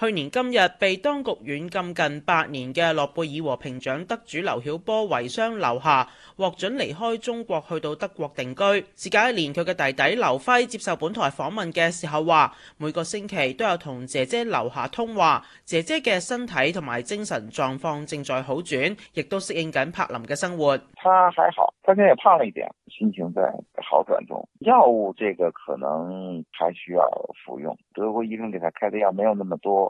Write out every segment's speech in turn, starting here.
去年今日被當局軟禁近八年嘅諾貝爾和平獎得主劉曉波遺孀劉霞，獲准離開中國去到德國定居。事隔一年，佢嘅弟弟劉暉接受本台訪問嘅時候話：每個星期都有同姐姐劉霞通話，姐姐嘅身體同埋精神狀況正在好轉，亦都適應緊柏林嘅生活。她還好，她現也胖了一點，心情在好轉中。藥物這個可能還需要服用，德國醫生給她開的藥沒有那麼多。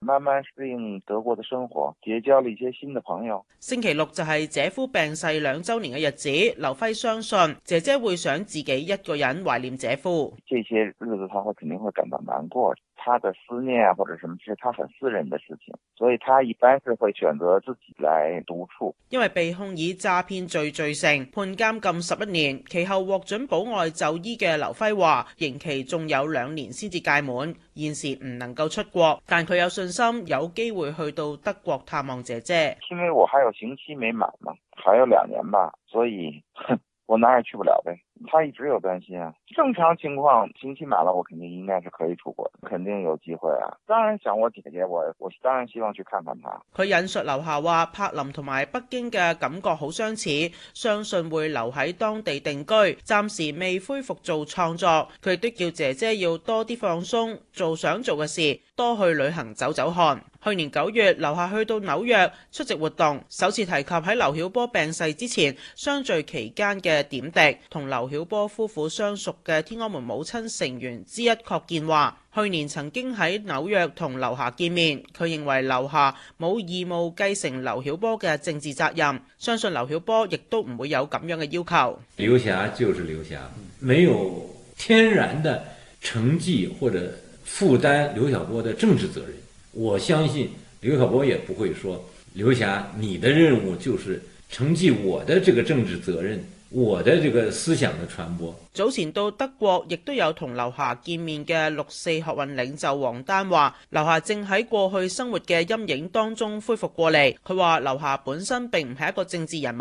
慢慢適應德國的生活，結交了一些新的朋友。星期六就係姐夫病逝兩周年嘅日子，劉輝相信姐姐會想自己一個人懷念姐夫。這些日子他會肯定會感到難過，他的思念啊或者什麼，其實他很私人的事情，所以他一般是會選擇自己來獨處。因為被控以詐騙罪罪成，判監禁十一年，其後獲准保外就醫嘅劉輝話，刑期仲有兩年先至屆滿，現時唔能夠出國，但佢有信心有機會去到德國探望姐姐，因為我還有刑期沒滿嘛，還有兩年吧，所以我哪也去不了唄。他一直有擔心啊。正常情況，刑期滿了，我肯定應該是可以出國，肯定有機會啊。當然想我姐姐我，我我當然希望去看看她。佢引述劉霞話，柏林同埋北京嘅感覺好相似，相信會留喺當地定居，暫時未恢復做創作。佢亦都叫姐姐要多啲放鬆，做想做嘅事，多去旅行走走看。去年九月，劉霞去到紐約出席活動，首次提及喺劉曉波病逝之前相聚期間嘅點滴，同劉曉。曉波夫婦相熟嘅天安門母親成員之一郝建話：，去年曾經喺紐約同劉霞見面，佢認為劉霞冇義務繼承劉曉波嘅政治責任，相信劉曉波亦都唔會有咁樣嘅要求。劉霞就是劉霞，沒有天然的承繼或者負擔劉曉波的政治責任。我相信劉曉波也不會說：，劉霞，你的任務就是承繼我的這個政治責任。我的這個思想的傳播。早前到德國，亦都有同劉霞見面嘅六四學運領袖王丹話：劉霞正喺過去生活嘅陰影當中恢復過嚟。佢話劉霞本身並唔係一個政治人物，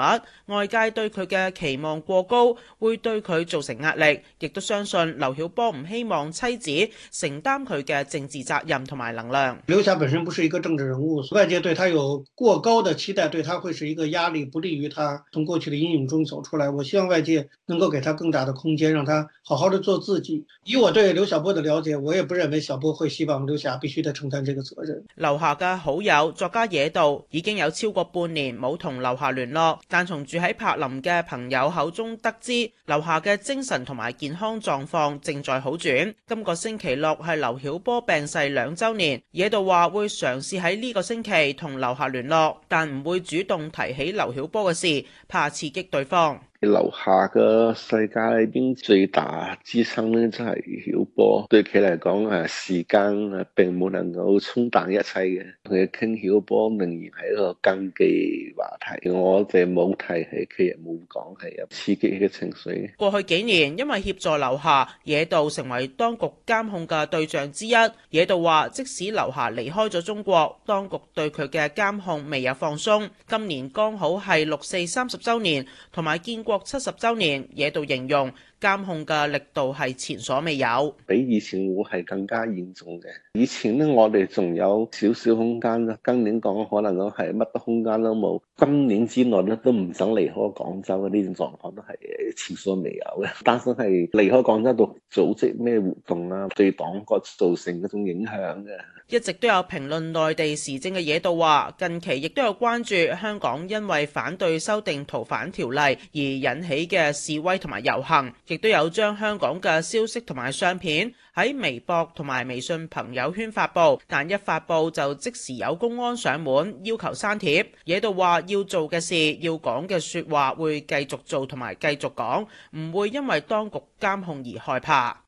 外界對佢嘅期望過高，會對佢造成壓力。亦都相信劉曉波唔希望妻子承擔佢嘅政治責任同埋能量。劉霞本身不是一個政治人物，外界對他有過高的期待，對他會是一個壓力，不利於他從過去的陰影中走出來。我希望外界能夠給他更大的空間，讓他好好的做自己。以我對劉曉波的了解，我也不認為小波會希望劉霞必須得承擔這個責任。劉霞嘅好友作家野道已經有超過半年冇同劉霞聯絡，但從住喺柏林嘅朋友口中得知，劉霞嘅精神同埋健康狀況正在好轉。今個星期六係劉曉波病逝兩周年，野道話會嘗試喺呢個星期同劉霞聯絡，但唔會主動提起劉曉波嘅事，怕刺激對方。劉霞嘅世界裏邊最大支撐咧，即係曉波。對佢嚟講，誒時間誒並冇能夠沖淡一切嘅。同佢傾曉波，仍然係一個禁忌話題，我哋冇提起，佢亦冇講係有刺激嘅情緒。過去幾年，因為協助劉霞，野道成為當局監控嘅對象之一。野道話，即使劉霞離開咗中國，當局對佢嘅監控未有放鬆，今年剛好係六四三十周年，同埋建國七十周年，野度形容。監控嘅力度係前所未有，比以前會係更加嚴重嘅。以前呢，我哋仲有少少空間啦。今年講可能都係乜嘢空間都冇。今年之內呢，都唔想離開廣州嘅呢種狀況都係前所未有嘅。擔心係離開廣州度組織咩活動啊，對黨國造成一種影響嘅。一直都有評論內地時政嘅嘢。道話，近期亦都有關注香港因為反對修訂逃犯條例而引起嘅示威同埋遊行，亦都有將香港嘅消息同埋相片喺微博同埋微信朋友圈發布，但一發布就即時有公安上門要求刪帖，野渡話要做嘅事、要講嘅說話會繼續做同埋繼續講，唔會因為當局監控而害怕。